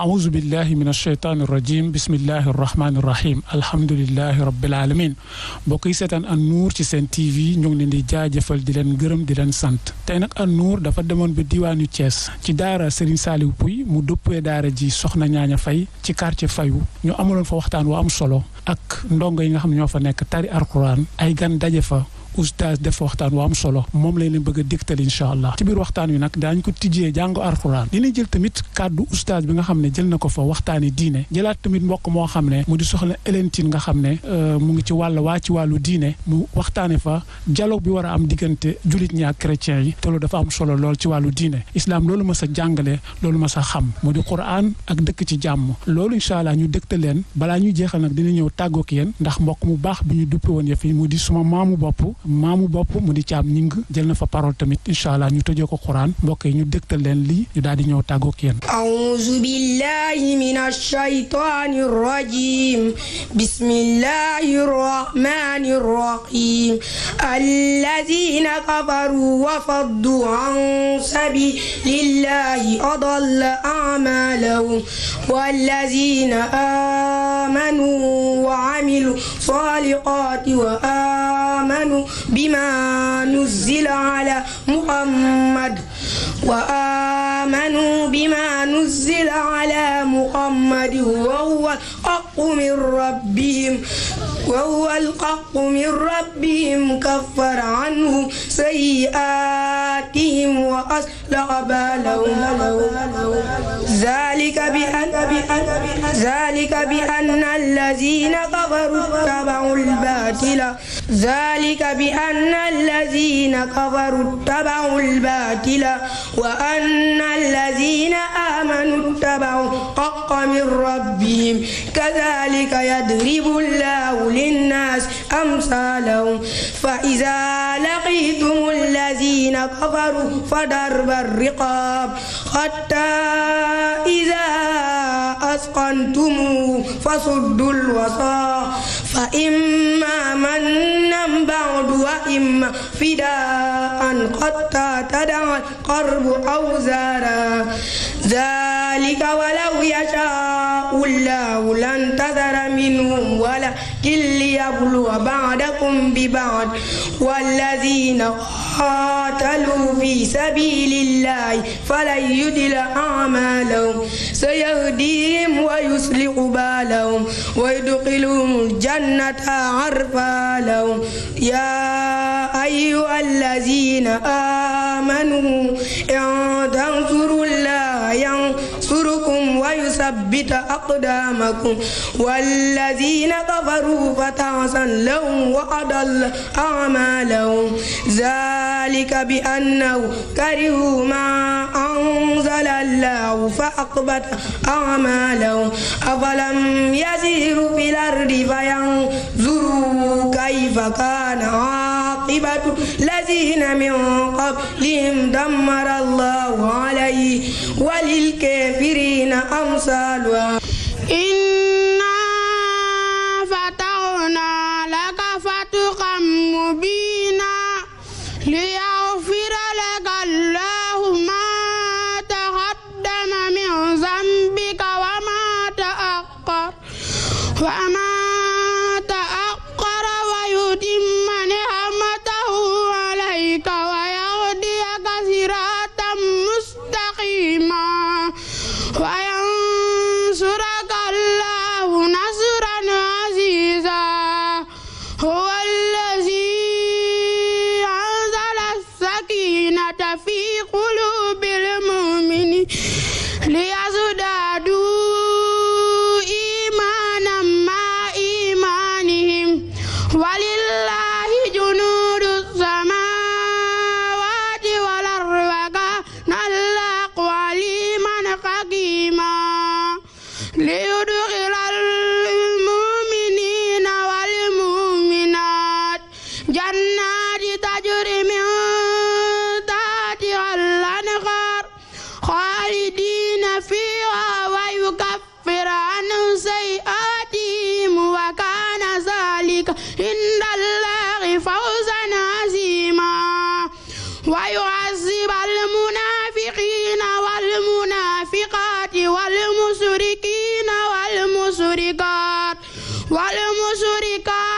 أعوذ بالله من الشيطان الرجيم بسم الله الرحمن الرحيم الحمد لله رب العالمين mbokk yi seetaan An Nour ci seen TV ñu ngi leen di jëfal di leen gërëm di leen sant tey nag An nuur dafa demoon ba diwaanu Thiès ci daara Serigne Saliou Pouy mu dëppee daara ji soxna ñaaña fay ci quartier fayu ñu amaloon fa waxtaan wu am solo ak ndongo yi nga xam ñoo fa nekk tari alquran ay gan daje fa oustaz def waxtaan wa am solo moom lañ leen bëgg a dégtal incha allah ci biir waxtaan wi nag daañ ko tijjee jàngu alxuraan dinañ jël tamit kàddu oustaz bi nga xam ne jël na ko fa waxtaani diine jëlaat tamit mbokk mu euh, a am ma sa jàngale ma sa xam mu di quran ak dëkk ci jàmm loolu incha allah ñu dégta leen balaa ñuy jeexal nag dina ñëw tàggook yéen ndax baax bi ñu duppe woon ya fi mu di suma maamu bopp maamu bopp mu di caam ñing jël na fa parole tamit incha allah ñu tëjee ko xuraan mbokk yi ñu dégtal leen lii ñu daal di ñëw tàggoog yéen aouzu billahi minash shaytaani rajim bismillahi rahmani rahim alladina kafaru wa faddu an sabilillahi adalla amalahum walladina amanu wa amilu salihati wa آمنوا بما نزل على محمد وآمنوا بما نزل على محمد وهو الحق من ربهم وهو الحق من ربهم كفر عنهم سيئاتهم وأصلح ذلك بأن ذلك بأن الذين كفروا اتبعوا الباطل ذلك بأن الذين كفروا اتبعوا الباطل وأن الذين آمنوا اتبعوا الحق من ربهم كذلك يضرب الله للناس أمثالهم فإذا لقيتم الذين كفروا فضرب الرقاب حتى إذا أثقلتموه فصدوا الوثاق فإما منا بعد وإما فداء قد تدع القرب أوزارا ذلك ولو يشاء الله لانتظر منهم ولكن ليبلو بعدكم ببعد والذين قاتلوا في سبيل الله فلن يدل أعمالهم سيهديهم ويصلح بالهم ويدخلهم الجنة عرفا لهم يا أيها الذين آمنوا إن تنصروا وينصركم ويثبت أقدامكم والذين كفروا فتعسا لهم وأضل أعمالهم ذلك بأنه كرهوا ما أنزل الله فأقبت أعمالهم أفلم يسيروا في الأرض فينظروا كيف كان عاقبة العاقبة الذين من قبلهم دمر الله عليه وللكافرين أمثالها فيها ويكفر عنهم سيئاتهم وكان ذلك عند الله فوزا عظيما ويعذب المنافقين والمنافقات والمشركين والمشركات والمشركات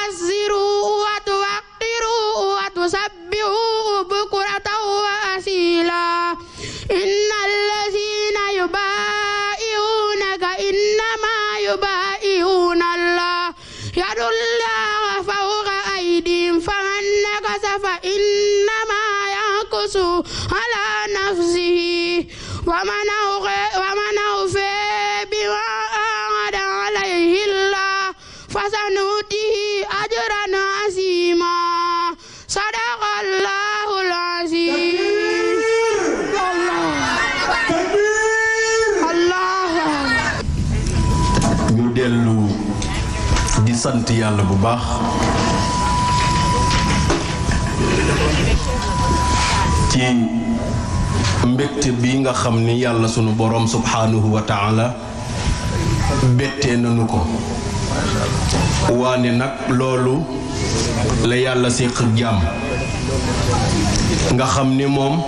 tu'aziru wa tuwaqqiru wa tusabbihu bukratan wa asila inna allazina yubaayi'unaka innama yubaayi'una allah yadullahi fawqa aydihim faman nakasa fa innama yankusu ala nafsihi wa man ñu dellu di sant yàlla bu baax ci mbégte bi nga xam ni yàlla sunu boroom subhaanahu wa taala bettee nanu ko waane nag loolu la yàlla séq jàmm nga xam ni moom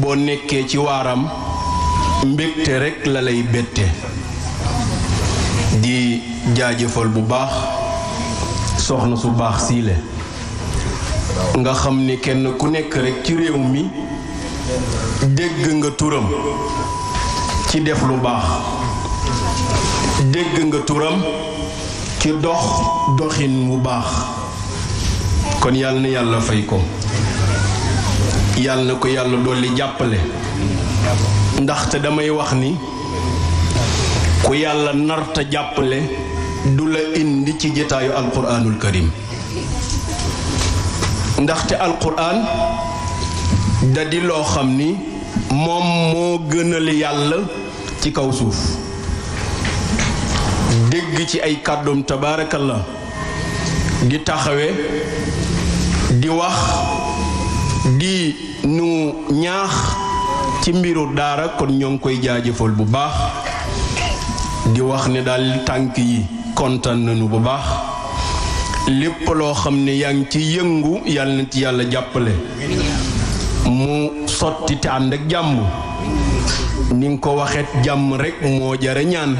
boo nekkee ci waaram mbégte rekk la lay bette jaajëfal bu baax soxna su baax siile nga xam ni kenn ku nekk rekk ci réew mi dégg nga turam ci def lu baax dégg nga turam ci dox doxin bu baax kon yàlla na yàlla fay ko yàlla na ko yàlla dolli jàppale ndaxte damay wax ni ku yàlla narta jàppale du la indi ci jataayu alquraanul karim ndaxte alquraan da di loo xam ni moom moo gënal yàlla ci kaw suuf dégg ci ay kàddoom la di taxawe di wax di nu ñaax ci mbiru daara kon ñoo ngi koy jaajëfal bu baax di wax ni daal tànk yi kontaan nañu bu baax lépp loo xam ne yaa ngi ci yëngu yàlla na ci yàlla jàppale mu sotti te ànd ak jàmm ni ko waxeet jàmm rekk moo jare ñaan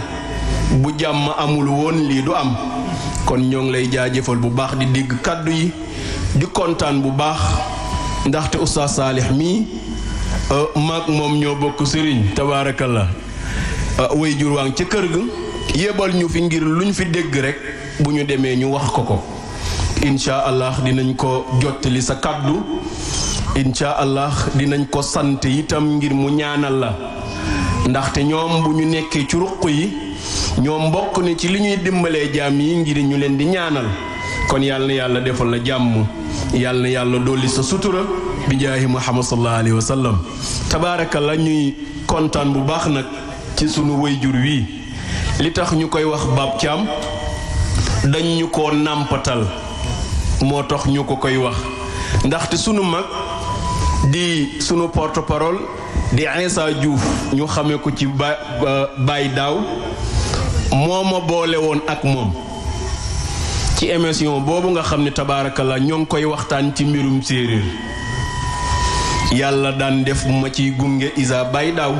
bu jàmm amul woon lii du am kon ñoo ngi lay jaajëfal bu baax di digg kàddu yi di kontaan bu baax ndaxte oustaz Saalix mii euh, maag moom ñoo bokk sëriñ tabaarakallah euh, way jur waa ngi kër gi yebal ñu fi ngir luñ fi dégg rek bu ñu demee ñu wax ko ko incha allah dinañ ko jottali sa kàddu incha allah dinañ ko sant itam ngir mu ñaanal la ndaxte ñoom bu ñu nekkee ci ruq yi ñoom bokk na ci li ñuy dimbalee jaam yi ngir ñu leen di ñaanal kon yàlla yàlla defal la jàmm yàlla yàlla dolli sa sutura bi jaahi muhammad sallallahu alayhi wa tabaaraka la ñuy kontaan bu baax nag ci sunu wayjur wii li tax ñu koy wax Bab Thiam dañ ñu ko nàmpatal moo tax ñu ko koy wax ndaxte sunu mag di sunu porte parole di Insa Diouf ñu xamee ko ci ba Daaw moo ma boole woon ak moom ci émission boobu nga xam ne tabaarakalla ñoo ngi koy waxtaan ci mbirum séeréer yàlla daan def ma ciy gunge Isa Baye Daaw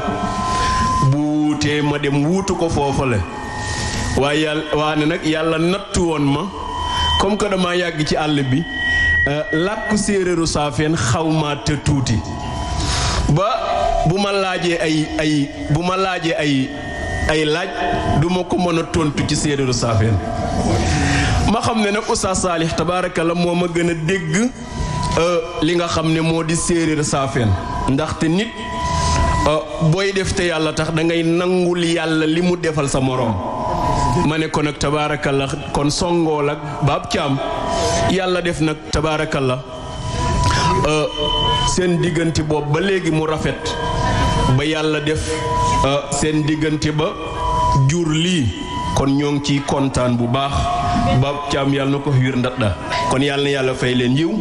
wutee ma dem wuutu ko foofale waaye yàlla waane nag yàlla nattu woon ma comme que dama yàgg ci àll bi euh, làkku séeréeru saafeen xaw ma te tuuti ba bu ma laajee ay ay bu ma laajee ay ay laaj du ma ko mën a tontu ci séeréeru saafeen ma xam ne nag Oustaz Saalix tabaaraka la moo ma gën a dégg euh, li nga xam ne moo di séeréer saafeen ndaxte nit Euh, booy def te yàlla tax dangay ngay yàlla li mu defal sa moroom ma ne ko nag tabaarakallah kon songool ak baab caam yàlla def nag tabaarakallah euh, seen diggante boobu ba léegi mu rafet ba yàlla def euh, seen diggante ba jur lii kon ñoo ngi ciy kontaan bu baax baab caam yàlla na ko wiir ndax da kon yàlla yàlla fay leen yiw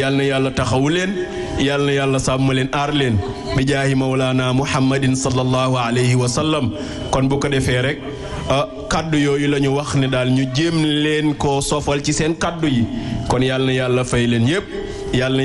yàlla na yàlla taxawu leen yal na yàlla sàmm leen aar leen bi jaahi mawlaana muhammadin sallallahu alayhi wa sallam kon bu ko defee rek ah, kaddu yooyu la ñu wax ne daal ñu jéem leen koo sofal ci seen kaddu yi kon yal yàlla fay leen yépp